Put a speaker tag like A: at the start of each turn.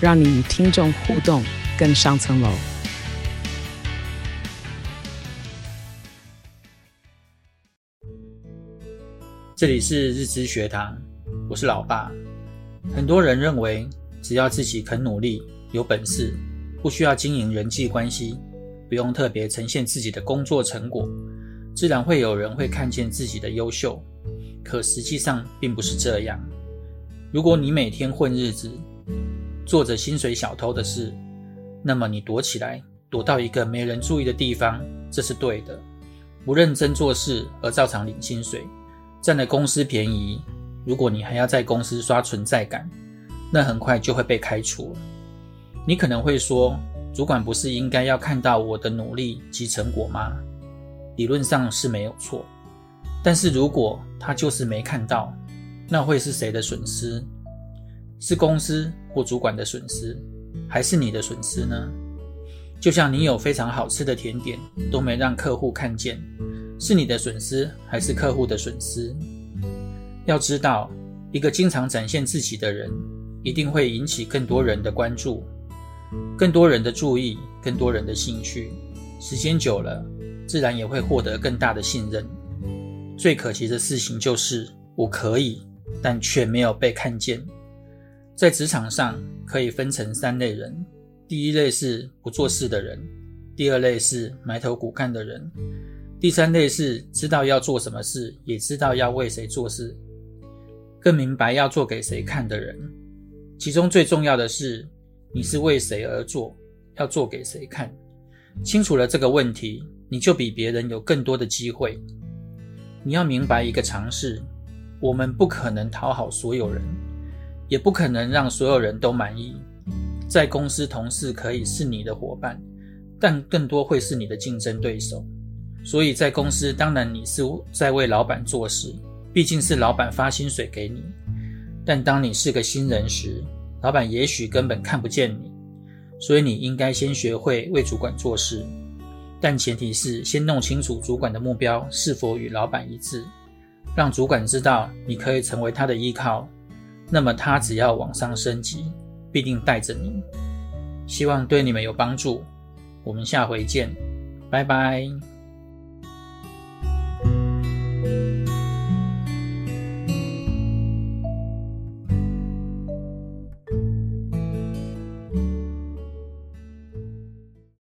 A: 讓你與聽眾互動更上層樓。
B: 這裡是日資學堂，我是老爸。很多人認為，只要自己肯努力、有本事，不需要經營人際關係，不用特別呈現自己的工作成果，自然會有人會看見自己的優秀。可實際上並不是這樣。如果你每天混日子，做着薪水小偷的事，那麼你躲起來，躲到一個沒人注意的地方，這是對的。不認真做事而照常領薪水，佔了公司便宜。如果你還要在公司刷存在感，那很快就會被開除了。你可能會說，主管不是應該要看到我的努力及成果嗎？理論上是沒有錯，但是如果他就是沒看到，那會是誰的損失？是公司或主管的損失，還是你的損失呢？就像你有非常好吃的甜點，都沒讓客戶看見，是你的損失還是客戶的損失？要知道，一個經常展現自己的人，一定會引起更多人的關注，更多人的注意，更多人的興趣。時間久了，自然也會獲得更大的信任。最可惜的事情就是，我可以，但卻沒有被看見。在職場上可以分成三類人：第一類是不做事的人；第二類是埋頭苦幹的人；第三類是知道要做什麼事，也知道要為誰做事，更明白要做給誰看的人。其中最重要的是，你是為誰而做，要做給誰看。清楚了這個問題，你就比別人有更多的機會。你要明白一個常識：我們不可能討好所有人。也不可能讓所有人都滿意。在公司，同事可以是你的夥伴，但更多會是你的競爭對手。所以在公司，當然你是在為老闆做事，畢竟是老闆發薪水給你。但當你是個新人時，老闆也許根本看不見你，所以你應該先學會為主管做事，但前提是先弄清楚主管的目標是否與老闆一致，讓主管知道你可以成為他的依靠。那麼他只要往上升級，必定帶着你。希望對你們有幫助。我們下回見，拜拜。